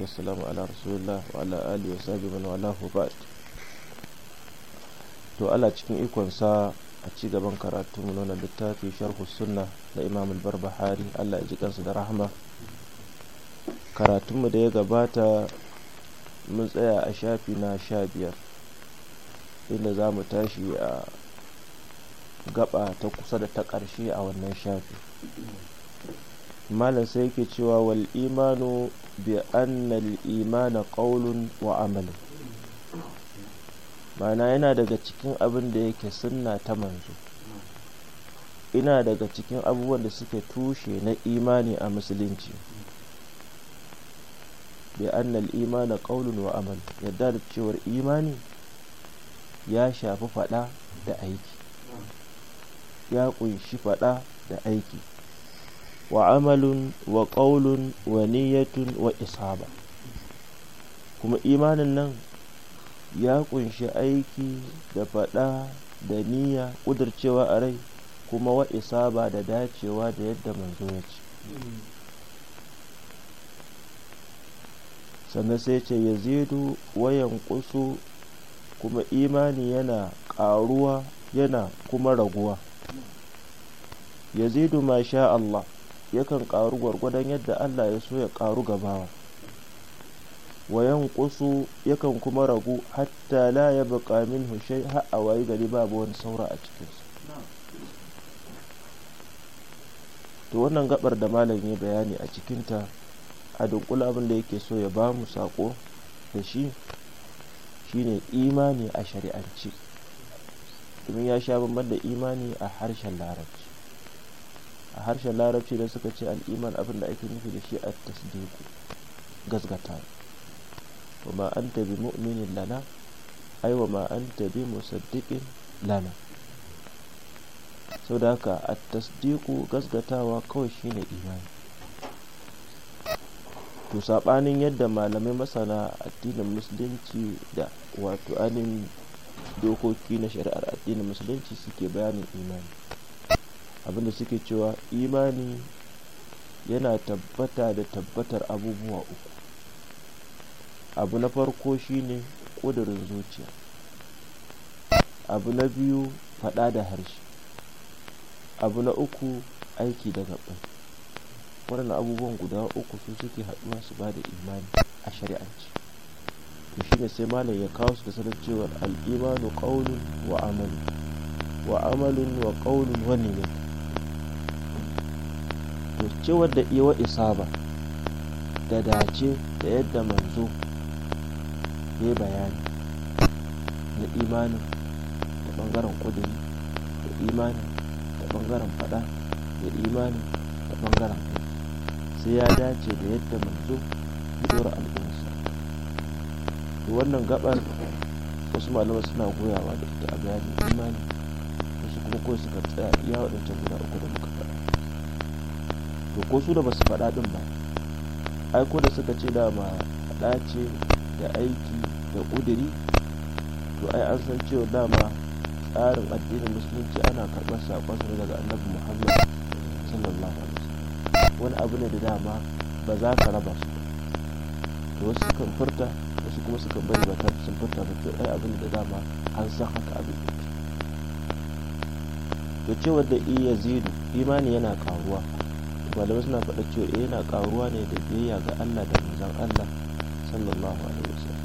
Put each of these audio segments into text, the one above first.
wassalamu ala rasulullah wa ala ali wa sabi man wala ba'd to Allah cikin ikon sa a ci gaban karatu mu nuna littafi sharhu sunna da Imam al-Barbahari Allah ya ji kansa da rahama. karatun mu da ya gabata mun tsaya a shafi na sha biyar inda za mu tashi a gaba ta kusa da ta ƙarshe a wannan shafi malam sai yake cewa wal imanu bi annal imana qaulun wa amalun mana yana daga cikin abin da yake sunna ta manzo ina daga cikin abubuwan da suke tushe na imani a musulunci bi annal iman qaulun wa amal yadda da cewar imani ya shafi fada da aiki ya kunshi fada da aiki wa amalun wa ƙaulun wa niyyatun wa kuma imanin nan ya kunshi aiki da faɗa da niyya ƙudurcewa a rai kuma wa ba da dacewa da yadda manzo ya ce sannan sai ce ya zidu wayan kusu kuma imani yana ƙaruwa yana kuma raguwa ya zidu masha Allah yakan ƙaru gwargwadon yadda Allah ya so ya ƙaru gabawa wayan ƙusu yakan kuma ragu hatta la ya baka min hushai har a wayi gari babu wani saura a cikinsu to wannan gabar da malam ya bayani a cikinta a dunkula abin da yake so ya ba mu saƙo da shi shine imani a shari'anci domin ya sha bamban da imani a harshen larabci a harshen larabci da suka ce al'iman abin da ake nufi da shi a tasdiku gasgata ma an bi mu'minin lana aiwa ma an bi musaddiqin lana sau da haka a tasdiku gasgatawa kawai shine imani to saɓanin yadda malamai masana addinin musulunci da wato anin dokoki na shari'ar addinin musulunci suke bayanin imani abinda suke cewa imani yana tabbata da tabbatar abubuwa uku abu na farko shine ƙudurin zuciya abu na biyu faɗa da harshe abu na uku aiki da gaba waɗannan abubuwan guda uku su suke haɗuwa su ba da imani a shari'anci to ne sai malam ya kawo su da sanar cewar al'imanu ƙaunin wa amalin wa amalin wa ƙaunin wani ne jajircewar wadda iwa ba da dace da yadda manzo ya bayani da imanin da ɓangaren kudiri da imanin da ɓangaren fada da imanin da ɓangaren sai ya dace da yadda manzo ya dora al'ummarsa da wannan gabar wasu malamai suna goyawa da ita a bayanin imani wasu kuma kawai suka tsaya iya waɗancan guda uku da muka to ko su da basu faɗa ɗin ba ai ko da suka ce dama faɗa ce da aiki da ƙudiri to ai an san cewa dama tsarin addinin musulunci ana karɓar saƙon su daga annabi muhammad sallallahu alaihi wasallam wani abu ne da dama ba za ka raba su to wasu sukan furta wasu kuma sukan bari ba tare sun furta ba to ai abu ne da dama an san haka abin to cewar da iya zidu imani yana karuwa malamai suna faɗa cewa eh yana ƙaruwa ne da biyayya ga Allah da manzon Allah sallallahu alaihi wasallam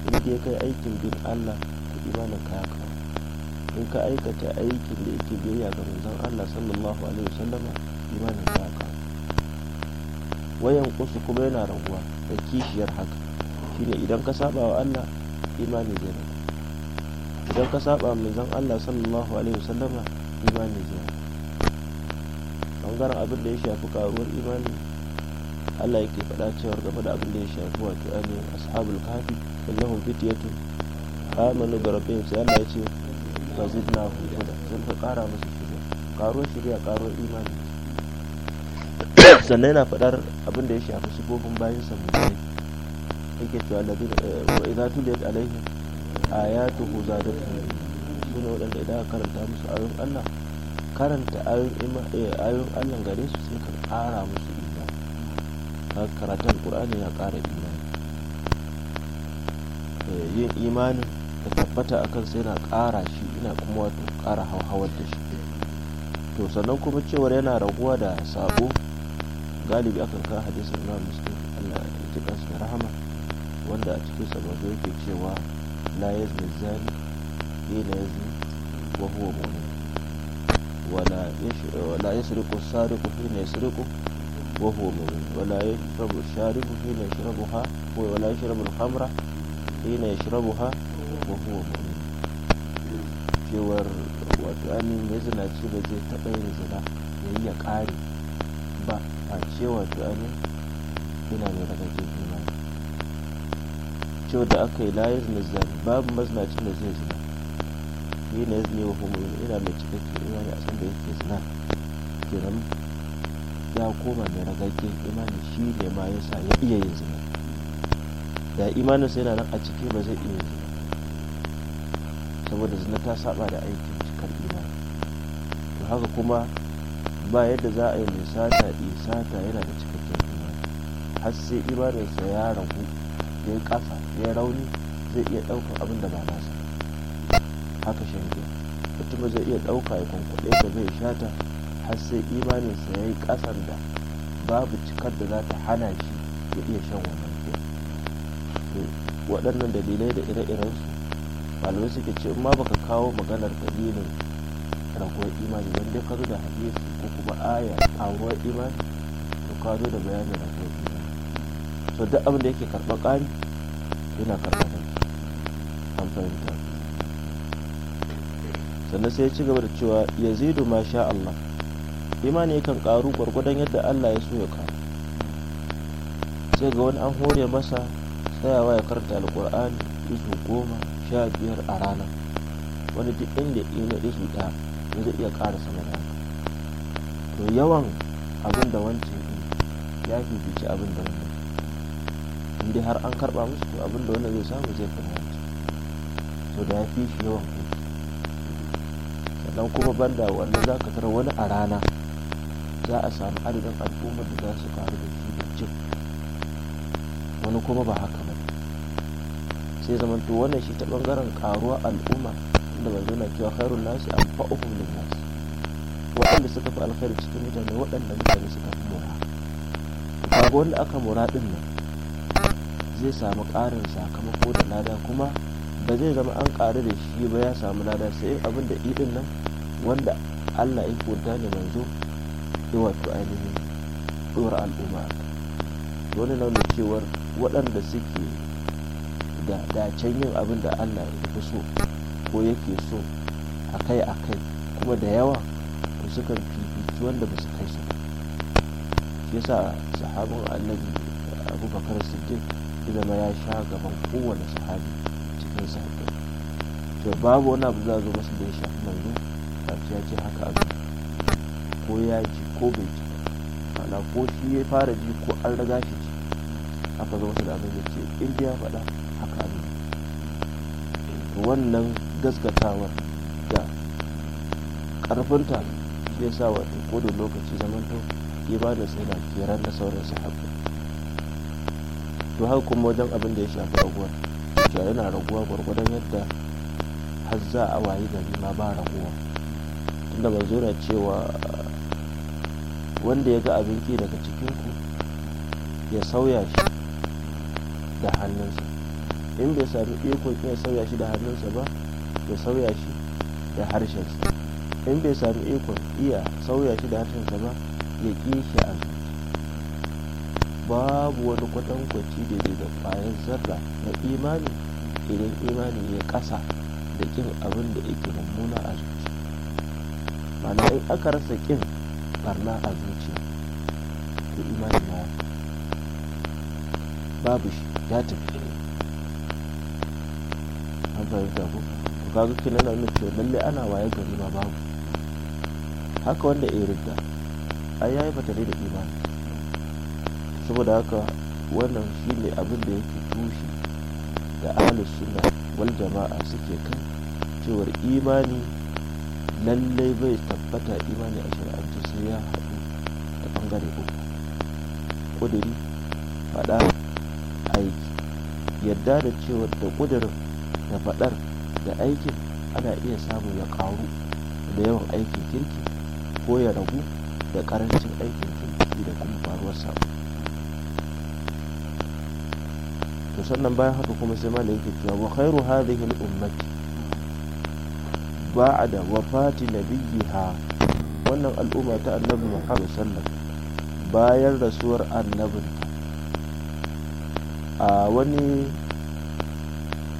in dai kai aikin bin Allah to imanin ka ya in ka aikata aikin da yake biyayya ga manzon Allah sallallahu alaihi wasallam imanin ka ya wayan kusu kuma yana raguwa da kishiyar haka shine idan ka saba wa Allah imani zai ragu idan ka saba manzon Allah sallallahu alaihi wasallam imani zai bangaren abin da ya shafi karuwar imani Allah yake faɗa cewar game da abin da ya shafi wato ainihin ashabul kafi innahum fityatun amanu da rabbihim sai Allah ya ce fa zidnahum huda sun ka ƙara musu shirya karuwar shirya karuwar imani sannan yana faɗar abin da ya shafi sifofin bayan samurai yake cewa ladina eh, wa idza tuliyat alaihim ayatuhu zadatuhum sune waɗanda idan aka karanta musu ayoyin Allah karanta ayoyin allah gare su sai ka kara musu imani karatun qur'ani ya kara imani eh, yin imani ka tabbata a kansa yana kara shi ina kuma wato kara hauhawar da shi to sannan kuma cewar yana raguwa da sabo galibi akan kan hadisin na muslim allah ya ji kansa rahama wanda a cikin sa yake cewa la yazni zani ila yazni wa huwa mu'min ولا يسرق السارق حين يسرقه وهو مؤمن ولا يشرب الشارب حين يشربها ولا يشرب الخمر حين يشربها وهو مؤمن cewar wato ainihin ya ce ba zai taɓa yin zina ya yi ya kare ba a ce wato ainihin yana mai ragajin imani cewa da aka yi layar na zani babu mazinacin da zai zina hina yazni wa huwa ina mai cikakke imani a san da yake zina kenan ya koma mai ragaggen imanin shi ne ma sa ya iya yin zina da imanin sa yana nan a ciki ba zai iya zina saboda zina ta saba da aikin cikar imani to haka kuma ba yadda za a yi mai sata isata eh, yana da cikakken imani har sai imaninsa ya ragu ya yi ƙasa ya rauni zai iya ɗaukar abin da ba nasa haka shanke mutum zai iya ɗauka ya kwankwaɗe da zai shata har sai imaninsa ya yi ƙasar da babu cikar da za ta hana shi ya iya shan wannan waɗannan dalilai da ire-irensu malamai suke ce ma baka kawo maganar dalilin ragowar imani wanda ka zo da hadisi ko kuma aya a ruwan imani to ka zo da bayanin ragowar imani sau duk abin da yake karɓar ƙari yana karɓar an fahimta sannan sai ya ci gaba da cewa yazidu ma sha Allah imani yakan karu gwargwadon yadda Allah ya so ya karu sai ga wani an hore masa tsayawa ya karanta alkur'ani isu goma sha biyar a rana wani duk inda ina isu ta ya zai iya ƙara sama da to yawan abin da wancan ya fice abin da wannan inda har an karɓa musu to abin da wannan zai samu zai fi wancan to da ya fi shi yawan kai. sannan kuma banda wanda za ka tara wani a rana za a samu adadin al'ummar da za su faru da kibincin wani kuma ba haka ba sai zaman to wannan shi ta bangaren karuwa al'umma inda manzo na cewa khairun nasi a fa'uhum lin nasi waɗanda suka fi alkhairi cikin mutane waɗanda mutane suka fi mura babu wanda aka mura ɗin nan zai samu ƙarin sakamako da lada kuma ba zai zama an ƙaru da shi ba ya samu lada sai abin da nan wanda allah ya kyauta da manzo da wato ainihin ɗora al'umma wani nuna cewa waɗanda suke da dacen yin abin da allah ya so ko yake so akai akai kuma da yawa to sukan fifici wanda ba su kai su yasa sahabin annabi abubakar siddiq ya zama ya sha gaban kowane sahabi cikin sahabi to babu wani abu za a zo masu da ya manzo ya ce haka abu ko ya ji ko bai ci ana ko shi ya fara ji ko an raga shi ci aka zo masa da abin ya ce indiya faɗa haka abin wannan gaskatawar da ƙarfinta shi ya sa wata ko da lokaci ba da sai da keran da sauran haka to haka kuma wajen abin da ya shafi raguwa yana raguwa gwargwadon yadda har za a wayi gari ma ba raguwa da manzo na cewa wanda ya ga abin ki daga cikinku ya sauya shi da hannunsa in bai sami ikon ya sauya shi da hannunsa ba ya sauya shi da harshensa in bai sami ikon iya sauya shi da harshensa ba ya ƙi shi a babu wani kwatankwaci da zai da bayan zarra na imani idan imani ya ƙasa da ƙin abin da yake mummuna a zuci mana in aka rasa kin barna a zuciya to imani na babu shi ya tafi an fahimta ko to kaga zuci na nan ce lalle ana waye gari ma babu haka wanda ya rigga ai yayi bata da imani saboda haka wannan shine abin da yake tushe da ahlus sunna wal jama'a suke kan cewar imani lallai bai tabbata imani a shari'arci sai ya haɗu da ɓangare uku ƙuduri faɗa aiki yadda da cewa da ƙudurin da faɗar da aikin ana iya samu ya ƙaru da yawan aikin kirki ko ya ragu da ƙarancin aikin kirki da kuma faruwar sa to sannan bayan haka kuma sai malam yake cewa wa khairu hadhihi al-ummati da wafati ha wannan al'umma ta annabi Muhammad sallallahu bayan rasuwar annabin a wani